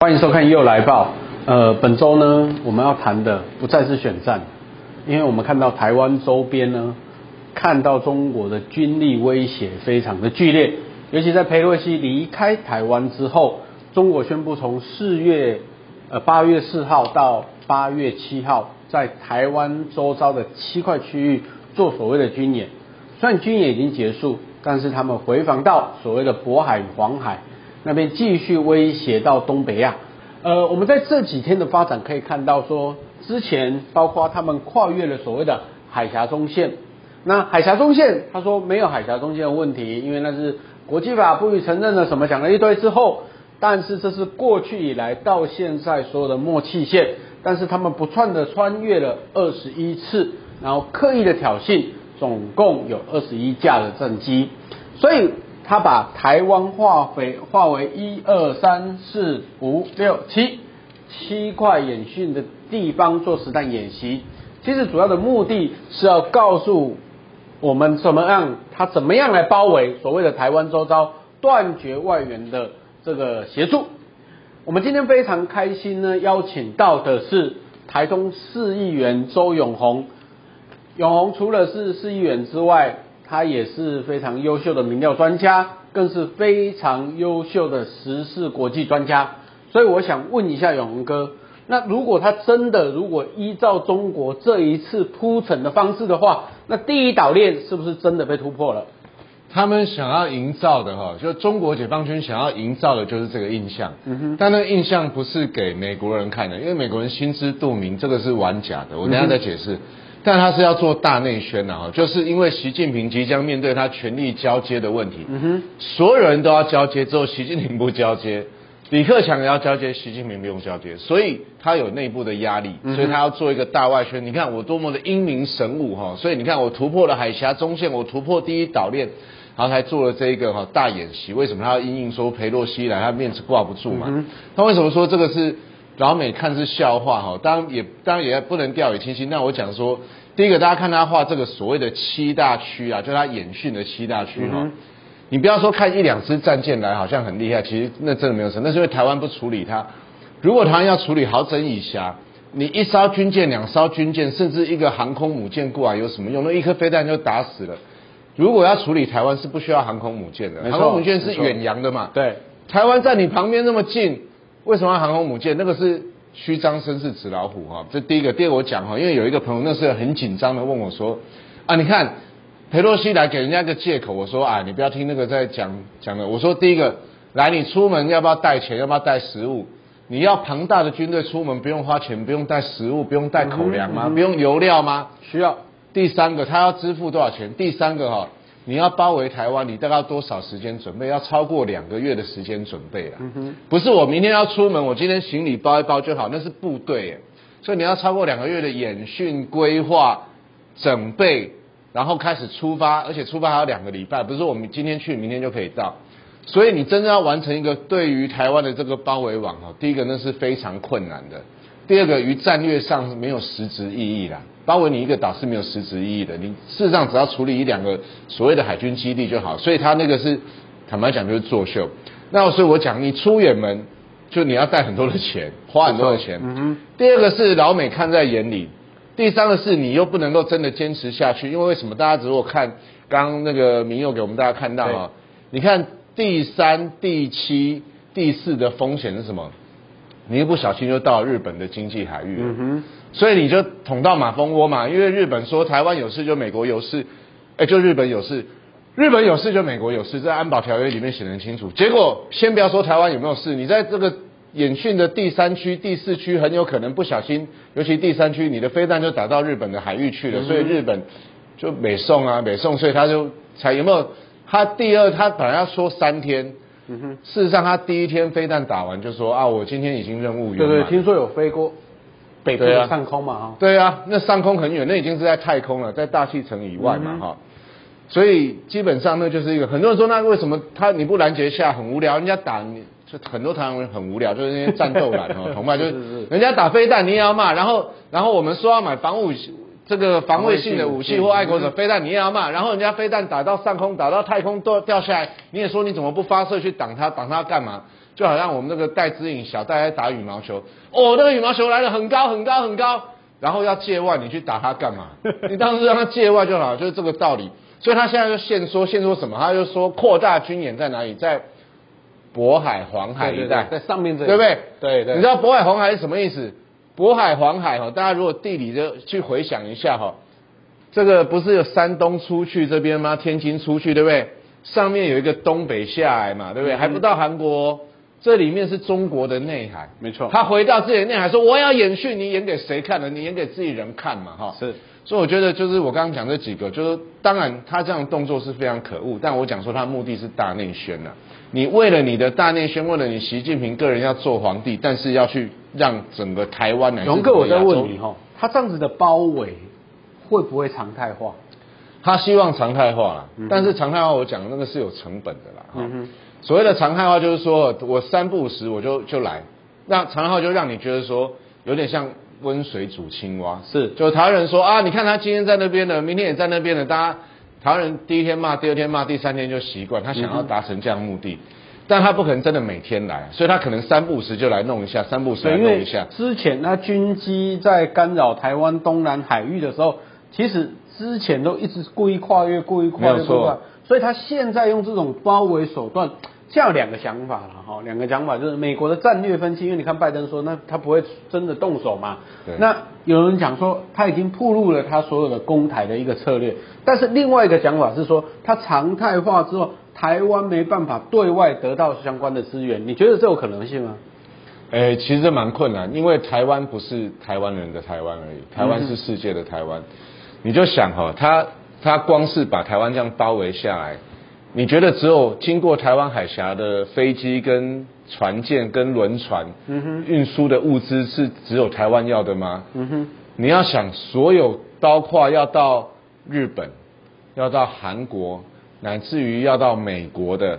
歡迎收看《祐來爆》。呃，本周呢，我們要談的不再是選戰，因為我們看到台灣周邊呢，看到中國的軍力威脅非常的劇烈，尤其在佩洛西離開台灣之後，中國宣布從四月呃八月四號到八月七號，在台灣周遭的七塊區域做所謂的軍演。雖然軍演已經結束，但是他們回防到所謂的渤海、黃海。那邊繼續威脅到東北亞，呃，我們在這幾天的發展可以看到說，說之前包括他們跨越了所謂的海峽中線。那海峽中線，他說沒有海峽中線的問題，因為那是國際法不予承認的什麼講了一堆之後，但是這是過去以來到現在所有的默契線，但是他們不斷的穿越了二十一次，然後刻意的挑釁，總共有二十一架的戰機，所以。他把台灣劃回劃為一二三四五六七七塊演訓的地方做實彈演習，其實主要的目的是要告訴我們怎麼樣，他怎麼樣來包圍所謂的台灣周遭，斷絕外援的這個協助。我們今天非常開心呢，邀請到的是台中市議員周永鴻。永鴻除了是市議員之外，他也是非常優秀的民調專家，更是非常優秀的時事國際專家。所以我想問一下永鴻哥，那如果他真的，如果依照中國這一次鋪陳的方式的話，那第一島鏈是不是真的被突破了？他們想要營造的哈，就中國解放軍想要營造的就是這個印象、嗯哼。但那個印象不是給美國人看的，因為美國人心知肚明，這個是玩假的。我等一下再解釋。嗯但他是要做大內宣的、啊、哈，就是因為習近平即將面對他權力交接的問題，嗯、哼所有人都要交接之後，習近平不交接，李克強要交接，習近平不用交接，所以他有內部的壓力，所以他要做一個大外宣。嗯、你看我多麼的英明神武哈，所以你看我突破了海峽中線，我突破第一島鏈，然後才做了這個哈大演習。為什麼他要硬硬說裴洛西來？他面子掛不住嘛。那、嗯、他為什麼說這個是？老美看是笑話哈，當然也當然也不能掉以輕心。那我講說，第一個大家看他畫這個所謂的七大區啊，就他演訓的七大區哈、啊嗯。你不要說看一兩支戰艦來好像很厲害，其實那真的沒有什麼。那是因為台灣不處理它。如果台灣要處理，好整以暇，你一艘軍艦、兩艘軍艦，甚至一個航空母艦過來有什麼用？那一顆飛彈就打死了。如果要處理台灣是不需要航空母艦的，航空母艦是遠洋的嘛？對，台灣在你旁邊那麼近。為什麼要航空母艦？那個是虛張聲勢、紙老虎哈？這第一個，第二個我講哈，因為有一個朋友那時候很緊張的問我說：“啊，你看，裴洛西來給人家一個借口。”我說：“啊、哎，你不要聽那個在講講的。”我說：“第一個，來你出門要不要帶錢？要不要帶食物？你要龐大的軍隊出門不用花錢、不用帶食物、不用帶口糧嗎？嗯嗯、不用油料嗎？需要。”第三個，他要支付多少錢？第三個哈。你要包圍台灣，你大概要多少時間準備？要超過兩個月的時間準備啊。不是我明天要出門，我今天行李包一包就好，那是部隊，所以你要超過兩個月的演訓規劃準備，然後開始出發，而且出發還有兩個禮拜，不是我們今天去，明天就可以到。所以你真正要完成一個對於台灣的這個包圍網，第一個，那是非常困難的，第二個於戰略上是沒有實質意義的。包圍你一個島是沒有實質意義的，你事實上只要處理一兩個所謂的海軍基地就好，所以他那個是坦白講就是作秀。那所以我講你出遠門，就你要帶很多的錢，花很多的錢，嗯。第二個是老美看在眼裡，第三個是你又不能夠真的堅持下去，因為為什麼？大家如果看剛剛那個明佑給我們大家看到啊。你看第三、第七、第四的風險是什麼？你一不小心就到日本的經濟海域了。所以你就捅到馬蜂窩嘛，因為日本說台灣有事就美國有事，哎、欸，就日本有事，日本有事就美國有事，在安保條約裡面寫得很清楚。結果先不要說台灣有沒有事，你在這個演訓的第三區、第四區，很有可能不小心，尤其第三區，你的飛彈就打到日本的海域去了，嗯、所以日本就美送啊，美送，所以他就才有沒有？他第二他本來要說三天、嗯哼，事實上他第一天飛彈打完就說啊，我今天已經任務有。對，對對，聽說有飛過。北上空嘛，啊、對啊，那上空很遠，那已經是在太空了，在大氣層以外嘛，哈、嗯。所以基本上那就是一個，很多人說，那為什麼他你不攔截下很無聊？人家打你，就很多台灣人很無聊，就是那些戰鬥藍哦， 同伴就是，是，人家打飛彈你也要罵，然後然後我們說要買防武，這個防衛性的武器或愛國者飛彈、嗯、你也要罵，然後人家飛彈打到上空，打到太空都掉下來，你也說你怎麼不發射去擋他，擋他幹嘛？就好像我們那個戴資穎小戴在打羽毛球，哦，那個羽毛球來的很高很高很高，然後要界外，你去打他幹嘛？你當時讓他界外就好了，就是這個道理。所以他現在就現說現說什麼？他就說擴大軍演在哪裡？在渤海、黃海一帶，對對對在上面這裡對不對？對，對對。你知道渤海、黃海是什麼意思？渤海、黃海哈，大家如果地理就去回想一下哈，這個不是有山東出去這邊嗎？天津出去對不對？上面有一個東北下來嘛，對不對？嗯、還不到韓國。這裡面是中國的內海，沒錯。他回到自己的內海，說：“我要演戲，你演給誰看的？你演給自己人看嘛，哈。”是，所以我覺得就是我剛剛講這幾個，就是當然他這樣的動作是非常可惡，但我講說他的目的是大內宣了。你為了你的大內宣，為了你習近平個人要做皇帝，但是要去讓整個台灣來。龍哥，我再問你哈，他這樣子的包圍會不會常態化？他希望常態化，但是常態化我講那個是有成本的啦，哈。所謂的常態化就是說，我三不五時，我就就來，那常態就讓你覺得說有點像溫水煮青蛙。是，就是台灣人說啊，你看他今天在那邊的，明天也在那邊的，大家台灣人第一天罵，第二天罵，第三天就習慣，他想要達成這樣的目的、嗯，但他不可能真的每天來，所以他可能三不五時就來弄一下，三不五時來弄一下。因為之前那軍機在干擾台灣東南海域的時候，其實之前都一直故意跨越，故意跨越。沒有。所以他現在用這種包圍手段，叫兩個想法了哈，兩個想法就是美國的戰略分析，因為你看拜登說，那他不會真的動手嘛。對。那有人講說他已經曝露了他所有的攻台的一個策略，但是另外一個想法是說，他常態化之後，台灣沒辦法對外得到相關的資源，你覺得這有可能性嗎？哎、欸，其實這蠻困難，因為台灣不是台灣人的台灣而已，台灣是世界的台灣，嗯。你就想哈，他。他光是把台灣這樣包圍下來，你覺得只有經過台灣海峽的飛機、跟船艦、跟輪船運輸的物資是只有台灣要的嗎？嗯哼，你要想所有包括要到日本、要到韓國，乃至於要到美國的，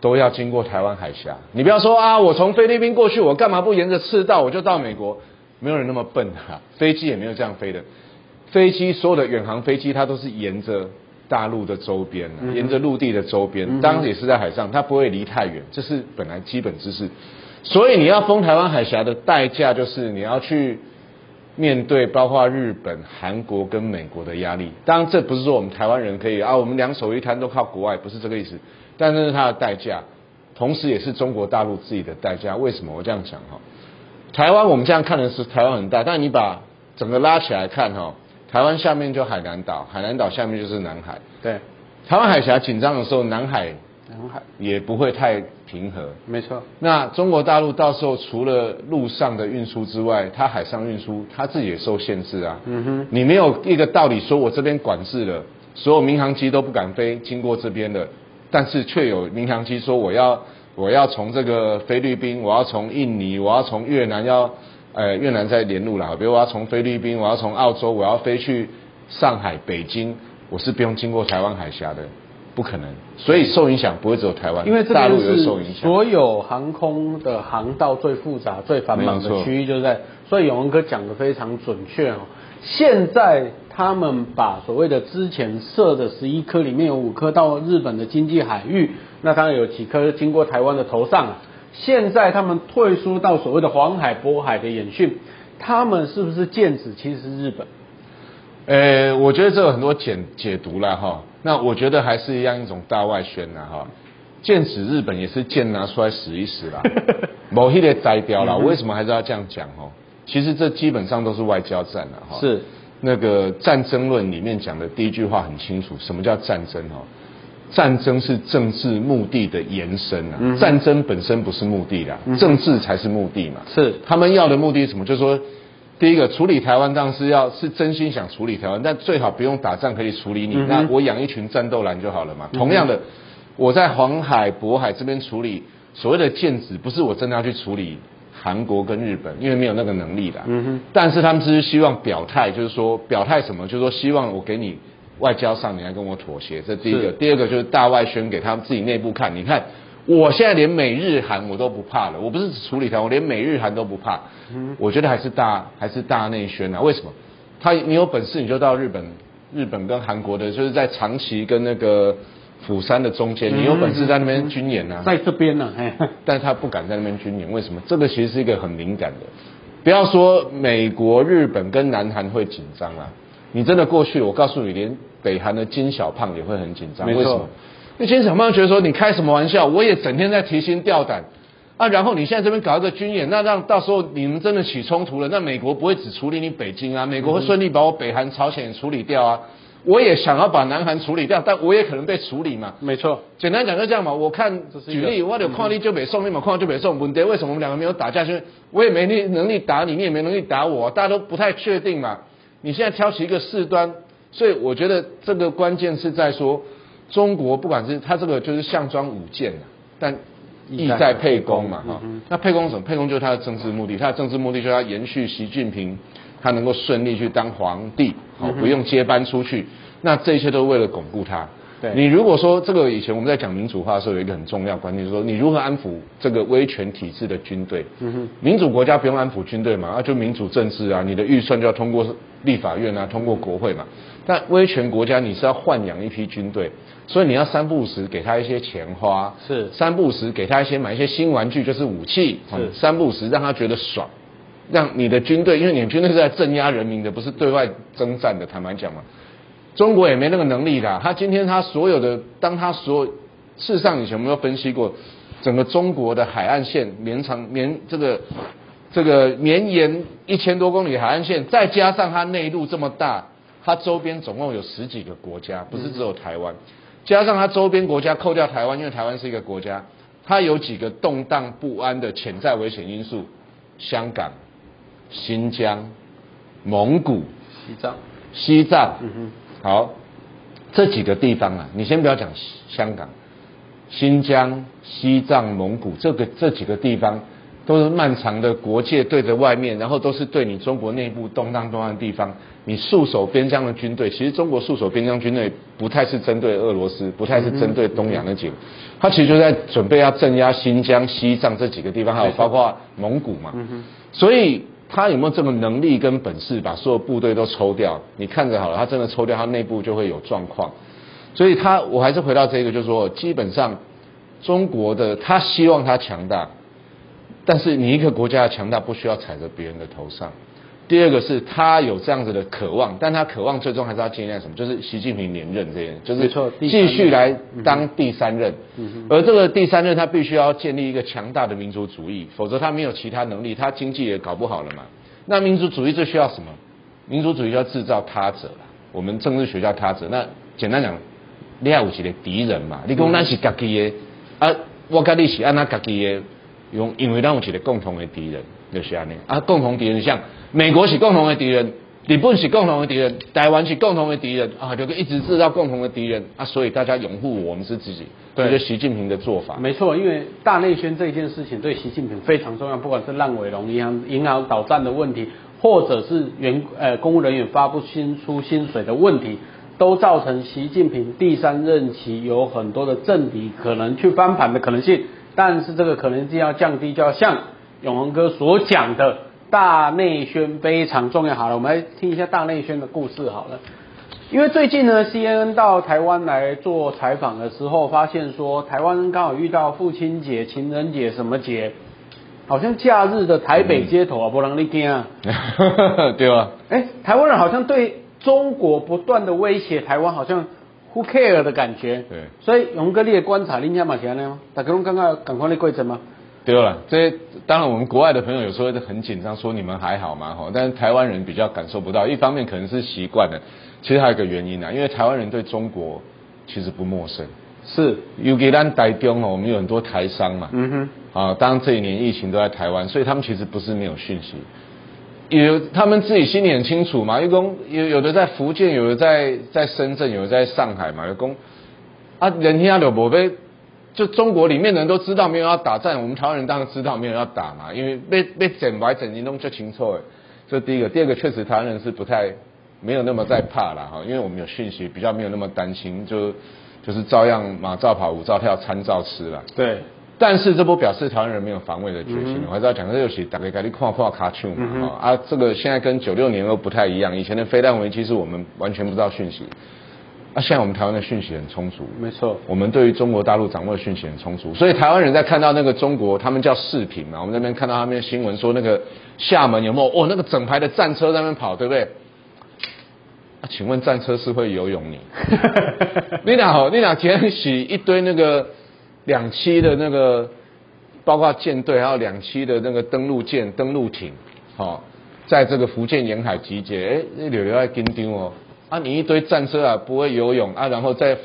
都要經過台灣海峽。你不要說啊，我從菲律賓過去，我幹嘛不沿着赤道我就到美國？沒有人那麼笨哈，啊，飛機也沒有這樣飛的。飛機，所有的遠航飛機，它都是沿着大陸的周邊、啊，沿着陸地的周邊，當然也是在海上，它不會離太遠，這是本來基本知識。所以你要封台灣海峽的代價，就是你要去面對包括日本、韓國跟美國的壓力。當然，這不是說我們台灣人可以啊，我們兩手一攤都靠國外，不是這個意思。但是它的代價，同時也是中國大陸自己的代價。為什麼我這樣講哈？台灣，我們這樣看的是台灣很大，但你把整個拉起來看哈。台灣下面就海南島，海南島下面就是南海。對，台灣海峽緊張的時候，南海南海也不會太平和。沒錯。那中國大陸到時候除了陸上的運輸之外，它海上運輸它自己也受限制啊。嗯哼。你沒有一個道理說我這邊管制了，所有民航機都不敢飛經過這邊的，但是卻有民航機說我要我要從這個菲律賓，我要從印尼，我要從越南要。呃，越南在連路了，比如我要從菲律賓，我要從澳洲，我要飛去上海、北京，我是不用經過台灣海峽的，不可能，所以受影響不會只有台灣，因為大陸也會受影響，所有航空的航道最複雜、最繁忙的區域，就在，是所就在，所以永鴻哥講的非常準確哦。現在他們把所謂的之前設的十一顆裡面有五顆到日本的經濟海域，那當然有幾顆經過台灣的頭上啊。現在他們退出到所謂的黃海、渤海的演訓，他們是不是劍指其實是日本？呃、欸，我覺得這有很多解解讀啦哈。那我覺得還是一樣一種大外宣啦哈。劍指日本也是劍拿出來使一使啦，某一些摘掉了。為什麼還是要這樣講哦、嗯？其實這基本上都是外交戰了哈。是那個戰爭論裡面講的第一句話很清楚，什麼叫戰爭哈。戰爭是政治目的的延伸啊，戰爭本身不是目的啦，政治才是目的嘛。是他們要的目的是什麼？就是說第一個處理台灣，當然是要是真心想處理台灣，但最好不用打仗可以處理你。那我養一群戰鬥藍就好了嘛。同樣的，我在黃海、渤海這邊處理所謂的劍指，不是我真的要去處理韓國跟日本，因為沒有那個能力的。嗯哼。但是他們只是希望表態，就是說表態什麼？就是說希望我給你。外交上你還跟我妥協，這第一個；第二個就是大外宣給他們自己內部看。你看，我現在連美日韓我都不怕了，我不是處理他，我連美日韓都不怕。嗯，我覺得還是大還是大內宣啊？為什麼？他你有本事你就到日本，日本跟韓國的就是在長崎跟那個釜山的中間，嗯，你有本事在那邊軍演啊？嗯、在這邊呢、啊，但他不敢在那邊軍演，為什麼？這個其實是一個很敏感的，不要說美國、日本跟南韓會緊張啊。你真的過去，我告訴你，連。北韓的金小胖也會很緊張，沒錯，為什麼？那金小胖覺得說，你開什麼玩笑？我也整天在提心吊膽啊。然後你現在這邊搞一個軍演，那讓到時候你們真的起衝突了，那美國不會只處理你北京啊？美國會順利把我北韓、朝鮮處理掉啊？我也想要把南韓處理掉，但我也可能被處理嘛？沒錯，簡單講就這樣嘛。我看舉例，我有礦地就北送，沒有礦地就北送。問題，為什麼我們兩個沒有打架？就是，我也沒能力能力打你，你也沒能力打我，大家都不太確定嘛。你現在挑起一個事端。所以我覺得這個關鍵是在說，中國不管是他這個就是項莊舞劍啊，但意在沛公嘛，哈。那沛公什麼？沛公就是他的政治目的，他的政治目的就是要延續習近平，他能夠順利去當皇帝，不用接班出去。那這一切都為了鞏固他。對，你如果說這個，以前我們在講民主化的時候，有一個很重要觀念，是說你如何安撫這個威權體制的軍隊。民主國家不用安撫軍隊嘛、啊，那就民主政治啊，你的預算就要通過立法院啊，通過國會嘛。但威權國家你是要豢養一批軍隊，所以你要三不五時給他一些錢花，是三不五時給他一些買一些新玩具，就是武器，是三不五時讓他覺得爽，讓你的軍隊，因為你的軍隊是在鎮壓人民的，不是對外征戰的，坦白講嘛。中國也沒那個能力的。他今天他所有的，當他所有，事實上以前我們有分析過，整個中國的海岸線綿長綿這個這個綿延一千多公里的海岸線，再加上他內陸這麼大，他周邊總共有十幾個國家，不是只有台灣，嗯、加上他周邊國家扣掉台灣，因為台灣是一個國家，它有幾個動盪不安的潛在危險因素：香港、新疆、蒙古、西藏、西藏。嗯哼好，這幾個地方啊，你先不要講香港、新疆、西藏、蒙古，這個這幾個地方都是漫長的國界對着外面，然後都是對你中國內部動盪動盪的地方。你戍守邊疆的軍隊，其實中國戍守邊疆軍隊不太是針對俄羅斯，不太是針對東洋的警，他其實就在準備要鎮壓新疆、西藏這幾個地方，還有包括蒙古嘛。所以。他有沒有這麼能力跟本事把所有部隊都抽掉？你看着好了，他真的抽掉，他內部就會有狀況。所以他，他我還是回到這個就是，就說基本上中國的他希望他強大，但是你一個國家的強大不需要踩在別人的頭上。第二個是他有這樣子的渴望，但他渴望最終還是要建立什麼？就是習近平連任這些，就是繼續來當第三任，第三任、嗯。而這個第三任他必須要建立一個強大的民族主義，否則他沒有其他能力，他經濟也搞不好了嘛。那民族主義最需要什麼？民族主義要製造他者，我們政治學家他者。那簡單講，厲害武器的敵人嘛。你講那是家己的，嗯，啊，我跟你是安那家己的。用因為讓我們一個共同的敵人，就是安啊，共同敵人像美國是共同的敵人，日本是共同的敵人，台灣是共同的敵人啊，就一直制造共同的敵人啊，所以大家擁護我們是自己，這是習近平的做法。沒錯，因為大內宣這件事情對習近平非常重要，不管是爛尾樓、銀行銀行倒帳的問題，或者是員呃公務人員發不出薪水的問題，都造成習近平第三任期有很多的政敵可能去翻盤的可能性。但是這個可能性要降低，就要像永鴻哥所講的，大內宣，非常重要。好了，我們來聽一下大內宣的故事好了。因為最近呢，CNN 到台灣來做採訪的時候，發現說台灣人剛好遇到父親節、情人節什麼節，好像假日的台北街頭、嗯、啊，不能你聽啊，對吧、欸？台灣人好像對中國不斷的威脅台灣，好像。Who care 的感覺？對，所以勇哥，你也觀察你們家馬先生嗎？他跟我們剛剛趕快的過程嗎？對了，所以當然我們國外的朋友有時候都很緊張，說你們還好嘛？哈，但是台灣人比較感受不到，一方面可能是習慣的，其實還有一個原因啊，因為台灣人對中國其實不陌生，是有給咱帶動哦，我們有很多台商嘛，嗯哼，啊，當然這一年疫情都在台灣，所以他們其實不是沒有訊息。有他們自己心裡很清楚嘛，因為工有有的在福建，有的在在深圳，有的在上海嘛，有工啊，人聽下劉伯飛。就中國裡面的人都知道沒有要打仗，我們台灣人當然知道沒有要打嘛，因為被被整白整，你弄就清楚了這第一個，第二個確實台灣人是不太沒有那麼在怕了哈，因為我們有訊息，比較沒有那麼擔心，就就是照樣馬照跑舞，舞照跳，餐照吃啦。對。但是這不表示台灣人沒有防衛的決心，嗯。我還知道講這個大概可能跨跨卡丘嘛，嗯，啊，這個現在跟九六年又不太一樣。以前的飛彈危機是我們完全不知道訊息，那、啊、現在我們台灣的訊息很充足。沒錯，我們對於中國大陸掌握的訊息很充足。所以台灣人在看到那個中國，他們叫視頻嘛，我們那邊看到他們的新聞說那個廈門有沒有哦，那個整排的戰車在那邊跑，對不對？那、啊、請問戰車是會游泳你 你？你你倆你倆撿起一堆那個。兩棲的那個，包括艦隊，還有兩棲的那個登陸艦、登陸艇，好、哦，在這個福建沿海集結，哎，那柳柳還叮叮哦，啊，你一堆戰車啊，不會游泳啊，然後在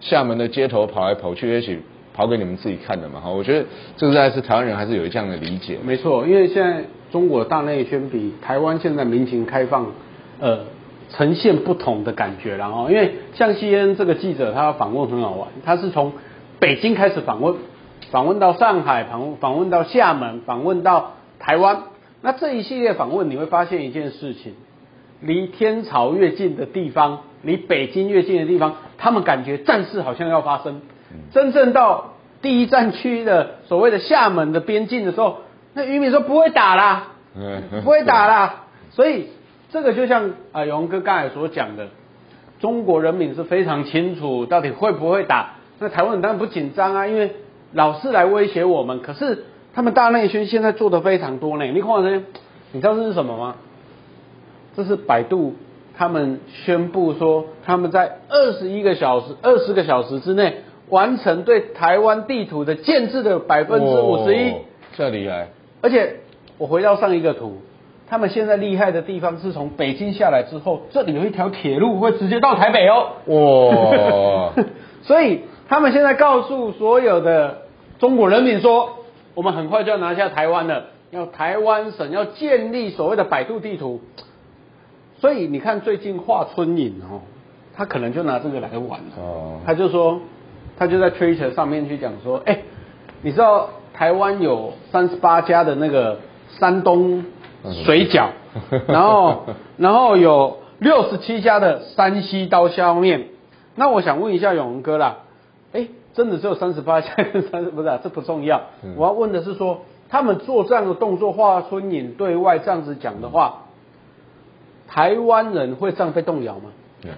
廈門的街頭跑來跑去，也許跑給你們自己看的嘛，哈、哦，我覺得這個還是台灣人還是有這樣的理解。沒錯，因為現在中國大內宣比台灣現在民情開放，呃，呈現不同的感覺，然、哦、後因為像 CNN 這個記者，他訪問很好玩，他是從。北京開始訪問，訪問到上海，訪問訪問到廈門，訪問到台灣。那這一系列訪問，你會發現一件事情：離天朝越近的地方，離北京越近的地方，他們感覺戰事好像要發生。真正到第一戰區的所謂的廈門的邊境的時候，那漁民說不會打啦， 不會打啦。所以這個就像啊，永鴻哥剛才所講的，中國人民是非常清楚到底會不會打。那台灣當然不緊張啊，因為老是來威脅我們。可是他們大內宣現在做的非常多呢。你看呢？你知道這是什麼嗎？這是百度，他們宣佈說他們在二十一個小時、二十個小時之內完成對台灣地圖的建制的百分之五十一。這麼厲害！而且我回到上一個圖，他們現在厲害的地方是從北京下來之後，這裡有一條鐵路會直接到台北哦。哇、哦！ 所以。他們現在告訴所有的中國人民說：“我們很快就要拿下台灣了，要台灣省要建立所謂的百度地圖。”所以你看，最近華春瑩哦，他可能就拿這個來玩了。哦、他就說，他就在推特上面去講說：“哎，你知道台灣有三十八家的那個山東水餃，嗯、然後 然後有六十七家的山西刀削麵。”那我想問一下永鴻哥啦。哎，真的只有三十八家，三不是，啊，這不重要、嗯。我要問的是說，他們做這樣的動作，華春瑩對外這樣子講的話，嗯，台灣人會這樣被動搖嗎？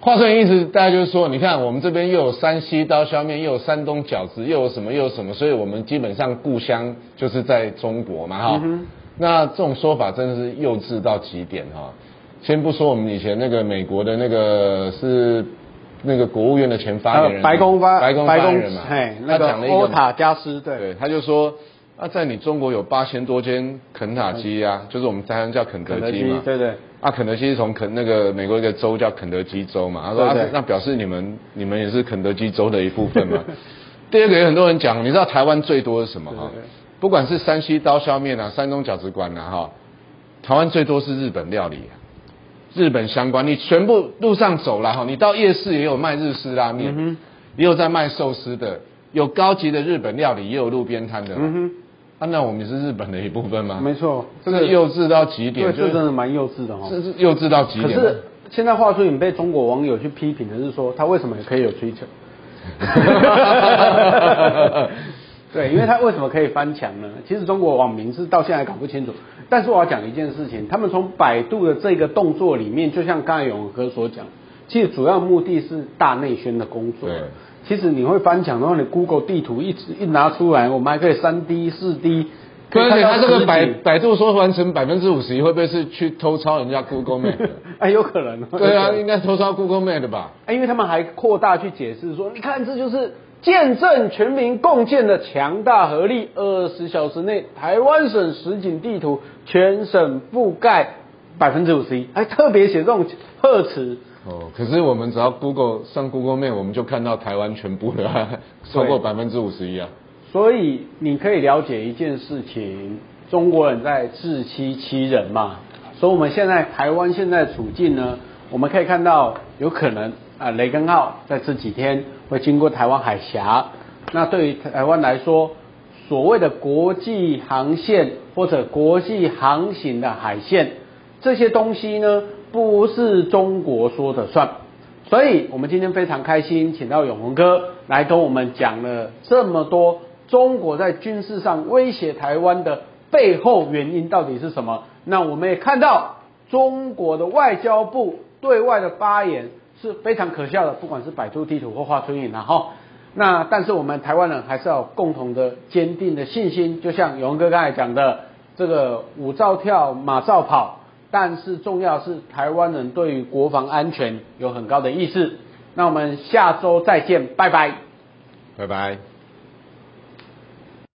華春瑩意思大家就是說，你看我們這邊又有山西刀削麵，又有山東餃子，又有什麼又有什麼，所以我們基本上故鄉就是在中國嘛哈，嗯。那這種說法真的是幼稚到極點哈。先不說我們以前那個美國的那個是。那個國務院的前發言人、啊，白宮發，白宮發言人嘛，白宮他講了一個，嘿那個、歐塔加斯對，對，他就說，那、啊、在你中國有八千多間肯塔基啊、嗯，就是我們台灣叫肯德基嘛，基對，對對，啊，肯德基是從肯那個美國一個州叫肯德基州嘛，他說對對對、啊、那表示你們你們也是肯德基州的一部分嘛。 第二個有很多人講，你知道台灣最多是什麼哈？不管是山西刀削麵啊，山東餃子館吶，哈，台灣最多是日本料理、啊。日本相關，你全部路上走來哈，你到夜市也有賣日式拉麵，嗯，也有在賣壽司的，有高級的日本料理，也有路邊攤的。嗯哼，啊，那我們是日本的一部分嗎？沒錯，是幼稚到極點就。對，這真的蠻幼稚的哈，哦。這是幼稚到極點。可是現在話說，你被中國網友去批評的是說，他為什麼可以有推特。對，因為他為什麼可以翻牆呢？其實中國網民是到現在還搞不清楚。但是我要講一件事情，他們從百度的這個動作裡面，就像剛才永鴻哥所講，其實主要目的是大內宣的工作。對。其實你會翻牆的話，你 Google 地圖一直一拿出來，我們還可以三 D、四 D。對，而且他這個百百度說完成百分之五十一，會不會是去偷抄人家 Google Map？ 哎，有可能。對啊，應該偷抄 Google Map 吧？哎，因為他們還擴大去解釋說，你看這就是。見證全民共建的強大合力。二十小時內，台灣省實景地圖全省覆蓋百分之五十一，還特別寫這種賀詞哦。可是我們只要 Google 上 Google Map，我們就看到台灣全部了，哈哈超過百分之五十一啊。所以你可以了解一件事情：中國人在自欺欺人嘛。所以我們現在台灣現在處境呢、嗯，我們可以看到有可能啊、呃，雷根號在這幾天。會經過台灣海峽，那對於台灣來說，所謂的國際航線或者國際航行的海線，這些東西呢，不是中國說的算。所以，我們今天非常開心，請到永鴻哥來跟我們講了這麼多中國在軍事上威脅台灣的背後原因到底是什麼。那我們也看到中國的外交部對外的發言。是非常可笑的，不管是百度地圖或華春瑩了哈。那但是我們台灣人還是要共同的堅定的信心，就像永鴻哥剛才講的，這個舞照跳馬照跑，但是重要是台灣人對於國防安全有很高的意識。那我們下周再見，拜拜，拜拜。